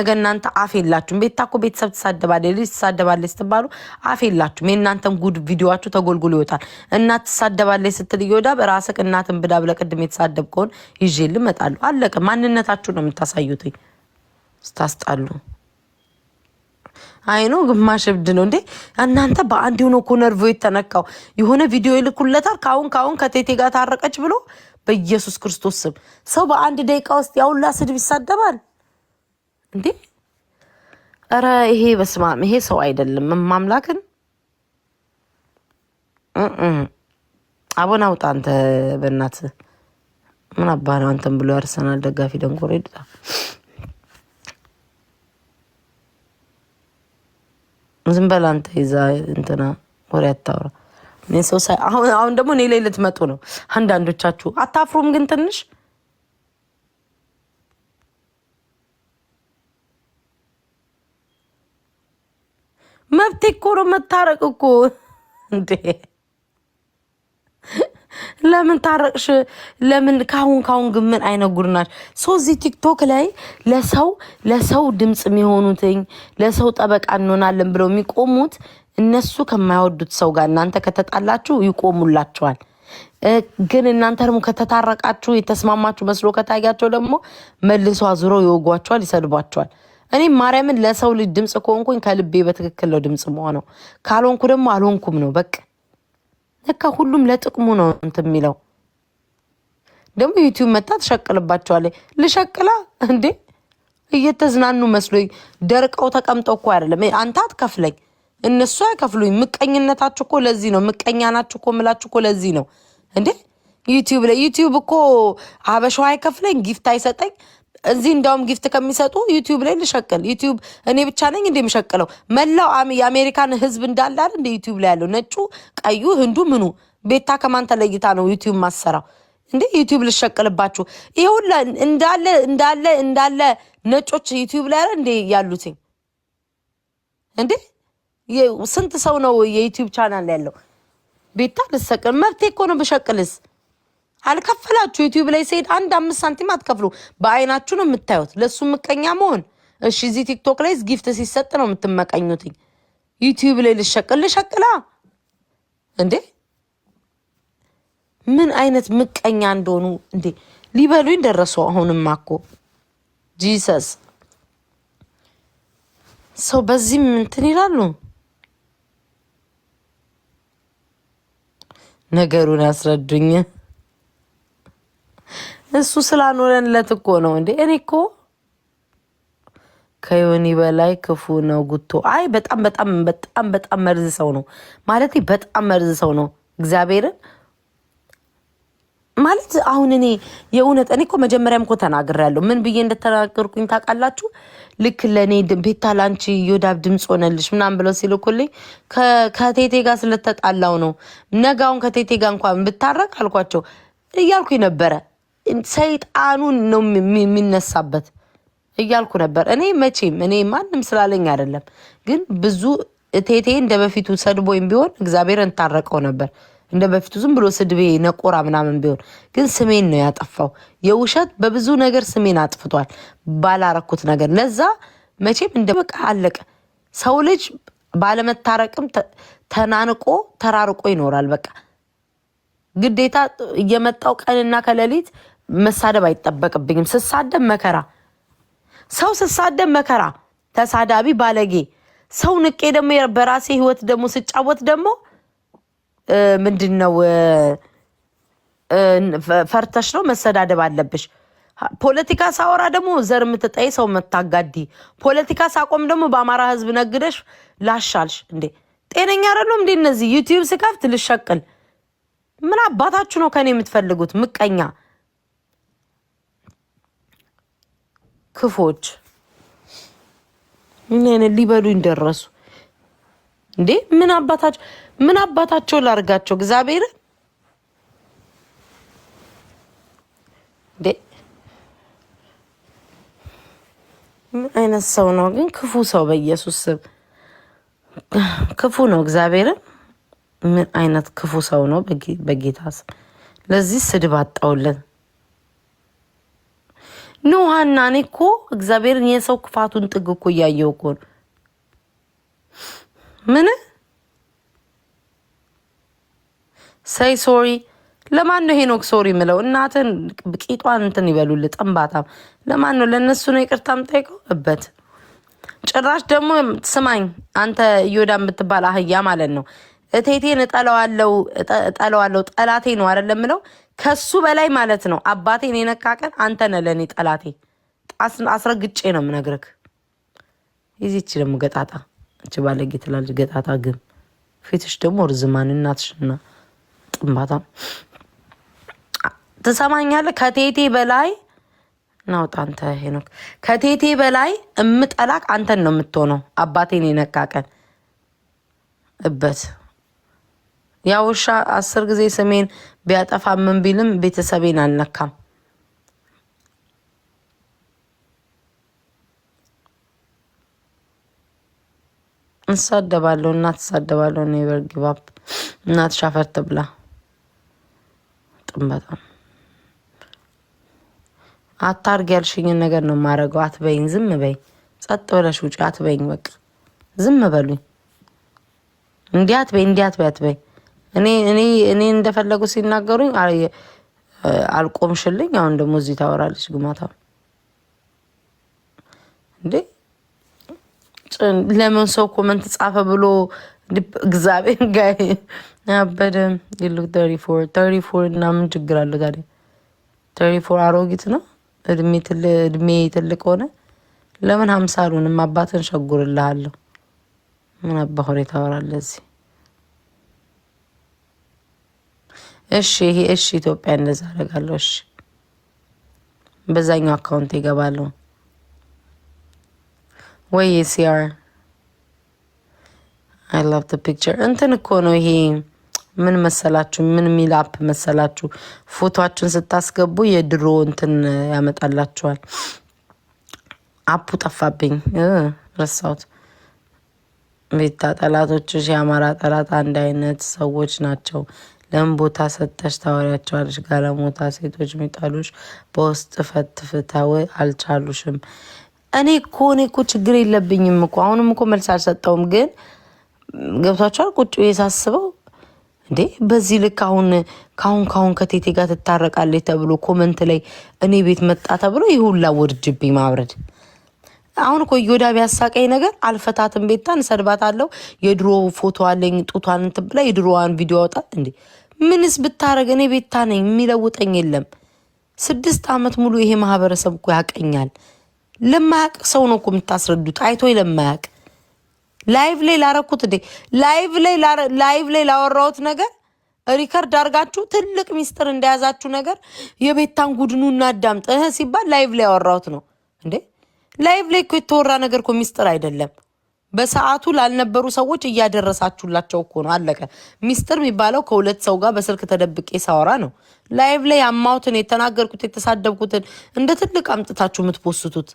ነገ እናንተ አፍ የላችሁም። ቤታ እኮ ቤተሰብ ትሳደባለች፣ ልጅ ትሳደባለች ስትባሉ አፍ የላችሁም። የእናንተን ጉድ ቪዲዮችሁ ተጎልጉሎ ይወጣል። እናት ትሳደባለች ስትል እየወዳ በራስህ እናትን ብዳ ብለህ ቅድም የተሳደብከውን ይዤ ልመጣለሁ። አለቀ። ማንነታችሁ ነው የምታሳዩትኝ ስታስጣሉ። አይኖ ግማሽ እብድ ነው እንዴ እናንተ። በአንድ የሆነ እኮ ነርቮ የተነካው የሆነ ቪዲዮ ይልኩለታል። ካሁን ካሁን ከቴቴ ጋር ታረቀች ብሎ በኢየሱስ ክርስቶስ ስም ሰው በአንድ ደቂቃ ውስጥ ያውላ ስድብ ይሳደባል። እንዴ! ኧረ ይሄ በስመ አብ ይሄ ሰው አይደለም። ማምላክን አቦን አውጣ አንተ በእናት ምን አባ ነው አንተን ብሎ ያርሰናል ደጋፊ ደንቆሮ ይድጣ። ዝም በል አንተ ይዛ እንትና ወሬ አታውራ። እኔ ሰው ሳይ አሁን ደግሞ እኔ ላይ ልትመጡ ነው አንዳንዶቻችሁ። አታፍሩም ግን ትንሽ መብቴ እኮ ነው መታረቅ እኮ እንዴ! ለምን ታረቅሽ? ለምን ካሁን ካሁን ግን ምን አይነት ጉድ ናች? እዚህ ቲክቶክ ላይ ለሰው ለሰው ድምፅ የሚሆኑትኝ ለሰው ጠበቃ እንሆናለን ብለው የሚቆሙት እነሱ ከማይወዱት ሰው ጋር እናንተ ከተጣላችሁ ይቆሙላችኋል። ግን እናንተ ደግሞ ከተታረቃችሁ የተስማማችሁ መስሎ ከታያቸው ደግሞ መልሶ አዙረው ይወጓቸዋል፣ ይሰድቧቸዋል። እኔ ማርያምን ለሰው ልጅ ድምፅ ከሆንኩኝ ከልቤ በትክክል ነው ድምፅ መሆነው፣ ካልሆንኩ ደግሞ አልሆንኩም ነው በቃ። ለካ ሁሉም ለጥቅሙ ነው እንትን የሚለው ደግሞ ዩቲዩብ መጣ ትሸቅልባቸዋለች። ልሸቅላ እንዴ እየተዝናኑ መስሎኝ ደርቀው ተቀምጠው እኮ አይደለም። አንተ አትከፍለኝ እነሱ አይከፍሉኝ። ምቀኝነታችሁ እኮ ለዚህ ነው። ምቀኛ ናችሁ እኮ ምላችሁ እኮ ለዚህ ነው እንዴ ዩቲዩብ ላይ ዩቲዩብ እኮ አበሻው አይከፍለኝ፣ ጊፍት አይሰጠኝ፣ እዚህ እንዳውም ጊፍት ከሚሰጡ ዩቲዩብ ላይ ልሸቅል። ዩቲዩብ እኔ ብቻ ነኝ እንደ የምሸቅለው መላው የአሜሪካን ህዝብ እንዳለ እንደ ዩቲዩብ ላይ ያለው ነጩ፣ ቀዩ፣ ህንዱ ምኑ ቤታ ከማን ተለይታ ነው ዩቲዩብ ማሰራው? እንዴ ዩቲዩብ ልሸቅልባችሁ። ይሄ እንዳለ እንዳለ እንዳለ ነጮች ዩቲዩብ ላይ አለ እንዴ ያሉትኝ እንዴ ስንት ሰው ነው የዩቲዩብ ቻናል ያለው? ቤታ ልሰቅል መብቴ እኮ ነው ብሸቅልስ አልከፈላችሁ። ዩቲዩብ ላይ ሲሄድ አንድ አምስት ሳንቲም አትከፍሉ። በአይናችሁ ነው የምታዩት። ለእሱ ምቀኛ መሆን እሺ። እዚህ ቲክቶክ ላይ ጊፍት ሲሰጥ ነው የምትመቀኙትኝ። ዩቲዩብ ላይ ልሸቅል ልሸቅላ እንዴ! ምን አይነት ምቀኛ እንደሆኑ እንዴ! ሊበሉኝ ደረሱ። አሁንም አኮ ጂሰስ ሰው በዚህም እንትን ይላሉ። ነገሩን ያስረዱኝ። እሱ ስላኖረንለት እኮ ነው እንዴ። እኔ እኮ ከዮኒ በላይ ክፉ ነው ጉቶ። አይ በጣም በጣም በጣም በጣም መርዝ ሰው ነው ማለት በጣም መርዝ ሰው ነው። እግዚአብሔርን ማለት አሁን እኔ የእውነት እኔ እኮ መጀመሪያም እኮ ተናግሬያለሁ። ምን ብዬ እንደተናገርኩኝ ታውቃላችሁ? ልክ ለእኔ ቤታ ላንቺ ዮዳብ ድምፅ ሆነልሽ ምናምን ብለው ሲልኩልኝ ከቴቴ ጋር ስለተጣላው ነው። ነጋውን ከቴቴ ጋር እንኳን ብታረቅ አልኳቸው እያልኩኝ ነበረ ሰይጣኑን ነው የሚነሳበት እያልኩ ነበር። እኔ መቼም እኔ ማንም ስላለኝ አይደለም፣ ግን ብዙ እቴቴ እንደ በፊቱ ሰድቦኝ ቢሆን እግዚአብሔር እንታረቀው ነበር። እንደ በፊቱ ዝም ብሎ ስድቤ ነቆራ ምናምን ቢሆን ግን ስሜን ነው ያጠፋው። የውሸት በብዙ ነገር ስሜን አጥፍቷል፣ ባላረኩት ነገር። ለዛ መቼም እንደ በቃ አለቀ። ሰው ልጅ ባለመታረቅም ተናንቆ ተራርቆ ይኖራል። በቃ ግዴታ እየመጣው ቀንና ከሌሊት መሳደብ አይጠበቅብኝም። ስሳደብ መከራ ሰው ስሳደብ መከራ ተሳዳቢ ባለጌ ሰው ንቄ ደግሞ በራሴ ህይወት ደግሞ ስጫወት ደግሞ ምንድን ነው ፈርተሽ ነው መሰዳደብ አለብሽ። ፖለቲካ ሳወራ ደግሞ ዘር የምትጠይ ሰው መታጋዲ ፖለቲካ ሳቆም ደግሞ በአማራ ህዝብ ነግደሽ ላሻልሽ እንዴ ጤነኛ አይደሉም እንዴ እነዚህ ዩቲዩብ ስከፍት ልሸቅል ምን አባታችሁ ነው ከኔ የምትፈልጉት ምቀኛ ክፎች ምን አይነት ሊበሉኝ ደረሱ እንዴ? ምን አባታቸው ምን አባታቸው ላርጋቸው? እግዚአብሔር እንዴ ምን አይነት ሰው ነው ግን? ክፉ ሰው በኢየሱስ ስም ክፉ ነው። እግዚአብሔርን ምን አይነት ክፉ ሰው ነው በጌታ ስም። ለዚህ ስድብ አጣውለን። ኖ ሀና፣ እኔ እኮ እግዚአብሔርን የሰው ክፋቱን ጥግ እኮ እያየው እኮ ምን ሰይ ሶሪ ለማን ነው ሄኖክ ሶሪ ምለው? እናትን ቂጧን እንትን ይበሉል። ጠንባታም ለማን ነው? ለእነሱ ነው ይቅርታም እበት ጭራሽ ደግሞ ስማኝ አንተ እዮዳ የምትባል አህያ ማለት ነው እቴቴን እጠለዋለሁ እጠለዋለሁ ጠላቴ ነው አይደለም ምለው ከሱ በላይ ማለት ነው። አባቴን የነካ ቀን አንተ ነህ ለእኔ ጠላቴ። አስረግጬ ነው የምነግርህ። ይዚች ደግሞ ገጣጣ እች ባለጌ ትላለች። ገጣጣ ግን ፊትሽ ደግሞ ርዝማን እናትሽና ጥንባታ ትሰማኛለህ። ከቴቴ በላይ ናውጣ አንተ ሄኖክ፣ ከቴቴ በላይ እምጠላቅ አንተን ነው የምትሆነው። አባቴን የነካ ቀን እበት ያ ውሻ አስር ጊዜ ስሜን ቢያጠፋ ምን ቢልም ቤተሰቤን አልነካም። እንሳደባለሁ እና እሳደባለሁ። እኔ ጊቫፕ እናት ሻፈር ትብላ። ጥንበጣም አታርግ ያልሽኝን ነገር ነው የማደርገው። አትበይኝ፣ ዝም በይ፣ ጸጥ ብለሽ ውጭ አትበይኝ፣ በቃ ዝም በሉኝ። እንዲህ አትበይ፣ እንዲህ አትበይ፣ አትበይ እኔ እኔ እኔ እንደፈለጉ ሲናገሩኝ አልቆምሽልኝ። አሁን ደግሞ እዚህ ታወራለች ግማታ እንዴ ለምን ሰው ኮመንት ጻፈ ብሎ እግዚአብሔር ጋ አበደ ይሉ ተሪ ፎር ተሪ ፎር እና ምን ችግር አለ ታዲያ? ተሪ ፎር አሮጊት ነው እድሜ ትልቅ ሆነ። ለምን ሀምሳ አልሆንም? አባትን ሸጉርልሃለሁ። ምን አባሆሬ ታወራለህ እዚህ እሺ ይሄ እሺ ኢትዮጵያ እንደዛ አደርጋለሁ። እሺ በዛኛው አካውንት ይገባሉ ወይ ሲአር አይ ላቭ ዘ ፒክቸር እንትን እኮ ነው ይሄ ምን መሰላችሁ? ምን ሚል አፕ መሰላችሁ? ፎቶአችሁን ስታስገቡ የድሮ እንትን ያመጣላችኋል። አፑ ጠፋብኝ፣ ረሳሁት። ቤታ ጠላቶችሽ የአማራ ጠላት አንድ አይነት ሰዎች ናቸው። ለምን ቦታ ሰጠሽ ታወሪያቸዋለሽ? ጋለሞታ ሴቶች ሚጠሉሽ በውስጥ ፈትፍታው አልቻሉሽም። እኔ እኮ እኔ እኮ ችግር የለብኝም እኮ አሁንም እኮ መልስ አልሰጠውም። ግን ገብቷቸዋል። ቁጭ የሳስበው እንዴ በዚህ ልክ አሁን ካሁን ካሁን ከቴቴ ጋር ትታረቃለች ተብሎ ኮመንት ላይ እኔ ቤት መጣ ተብሎ ይሁላ ሁላ ውርጅብኝ ማብረድ አሁን እኮ እዮዳ ቢያሳቀኝ ነገር አልፈታትም። ቤታን ሰድባት አለው የድሮ ፎቶ አለኝ ጡቷን እንትን ብላ የድሮዋን ቪዲዮ አውጣ እንዴ ምንስ ብታረግ እኔ ቤታ ነኝ፣ የሚለውጠኝ የለም። ስድስት ዓመት ሙሉ ይሄ ማህበረሰብ እኮ ያቀኛል። ለማያቅ ሰው ነው እኮ የምታስረዱት፣ አይቶ ለማያቅ ላይቭ ላይ ላረኩት እንዴ ላይቭ ላይ ላይቭ ላይ ላወራሁት ነገር ሪከርድ አርጋችሁ ትልቅ ሚስጥር እንደያዛችሁ ነገር የቤታን ጉድኑ እናዳምጥ ሲባል ላይቭ ላይ ያወራሁት ነው እንዴ። ላይቭ ላይ እኮ የተወራ ነገር እኮ ሚስጥር አይደለም። በሰዓቱ ላልነበሩ ሰዎች እያደረሳችሁላቸው እኮ ነው። አለቀ። ሚስጥር የሚባለው ከሁለት ሰው ጋር በስልክ ተደብቄ ሳወራ ነው። ላይቭ ላይ ያማሁትን፣ የተናገርኩት፣ የተሳደብኩትን እንደ ትልቅ አምጥታችሁ የምትፖስቱት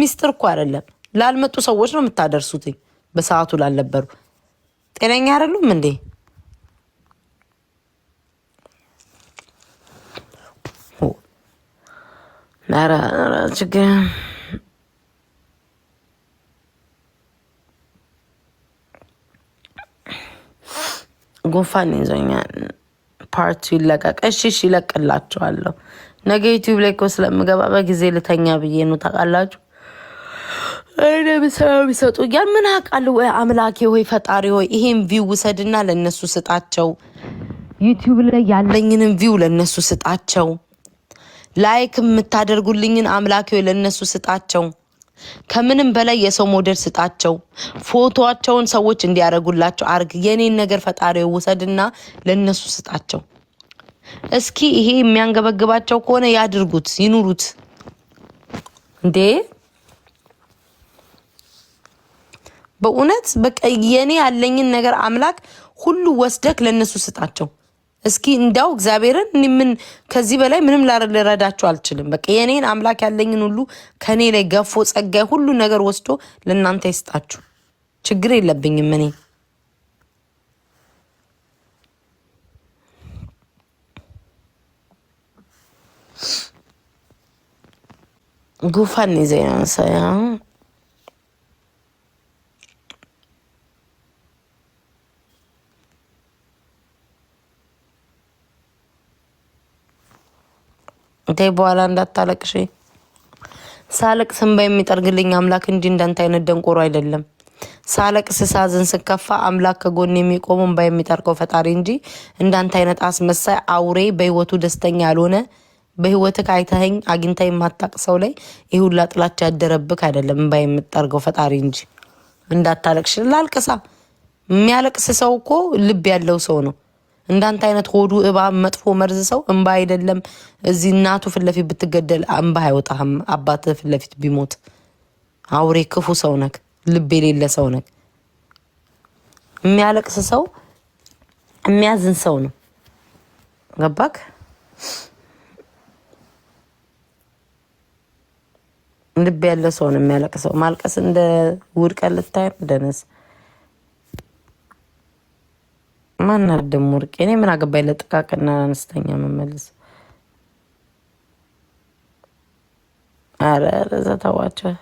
ሚስጥር እኮ አይደለም። ላልመጡ ሰዎች ነው የምታደርሱት በሰዓቱ ላልነበሩ ጤነኛ አይደሉም እንዴ? ችግር ጉንፋን ይዞኛል። ፓርቱ ይለቀቅ። እሺ እሺ፣ ይለቅላችኋለሁ። ነገ ዩቲዩብ ላይ እኮ ስለምገባ በጊዜ ልተኛ ብዬ ነው ታውቃላችሁ። ሰው ይሰጡ እያል ምን አውቃለሁ። ወይ አምላኬ ሆይ ፈጣሪ ሆይ ይሄን ቪው ውሰድና ለእነሱ ስጣቸው። ዩቲዩብ ላይ ያለኝንም ቪው ለእነሱ ስጣቸው። ላይክ የምታደርጉልኝን አምላኬ ሆይ ለእነሱ ስጣቸው። ከምንም በላይ የሰው ሞዴል ስጣቸው። ፎቶቸውን ሰዎች እንዲያደርጉላቸው አርግ። የኔን ነገር ፈጣሪ ውሰድና ለነሱ ስጣቸው። እስኪ ይሄ የሚያንገበግባቸው ከሆነ ያድርጉት፣ ይኑሩት። እንዴ በእውነት በቃ የኔ ያለኝን ነገር አምላክ ሁሉ ወስደክ ለነሱ ስጣቸው። እስኪ እንዳው እግዚአብሔርን ምን ከዚህ በላይ ምንም ልረዳችሁ አልችልም። በቃ የእኔን አምላክ ያለኝን ሁሉ ከኔ ላይ ገፎ ጸጋይ ሁሉ ነገር ወስዶ ለእናንተ ይስጣችሁ። ችግር የለብኝም እኔ ጉፋን ዜና እንታይ በኋላ እንዳታለቅሽ። ሳለቅ ስንባ የሚጠርግልኝ አምላክ እንጂ እንዳንተ አይነት ደንቆሮ አይደለም። ሳለቅ ስሳዝን ስከፋ አምላክ ከጎን የሚቆመው እንባ የሚጠርቀው ፈጣሪ እንጂ እንዳንተ አይነት አስመሳይ አውሬ በህይወቱ ደስተኛ ያልሆነ በህይወት አይተኸኝ አግኝታ የማታቅ ሰው ላይ ይህ ሁላ ጥላቻ ያደረብክ አይደለም እንባ የምጠርገው ፈጣሪ እንጂ። እንዳታለቅሽ ላልቅሳ። የሚያለቅስ ሰው እኮ ልብ ያለው ሰው ነው። እንዳንተ አይነት ሆዱ እባብ መጥፎ መርዝ ሰው እንባ አይደለም እዚህ እናቱ ፊት ለፊት ብትገደል እንባ አይወጣህም። አባት ፊት ለፊት ቢሞት አውሬ ክፉ ሰው ነክ፣ ልብ የሌለ ሰው ነክ። የሚያለቅስ ሰው የሚያዝን ሰው ነው። ገባክ? ልብ ያለ ሰው ነው የሚያለቅሰው። ማልቀስ እንደ ውድቀት ልታይ ደነስ ማን ደግሞ ወርቄ? እኔ ምን አገባኝ? ለጥቃቅና አነስተኛ መመልስ። አረ እዛ ተዋቸው።